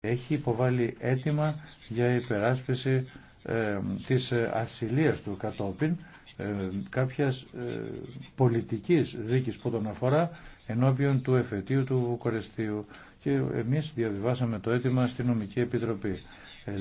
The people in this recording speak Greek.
έχει υποβάλει αίτημα για υπεράσπιση ε, της ε, ασυλίας του κατόπιν ε, κάποιας ε, πολιτικής δίκης που τον αφορά ενώπιον του εφετείου του Βουκορεστίου και εμείς διαβιβάσαμε το αίτημα στην Νομική Επιτροπή. Ε,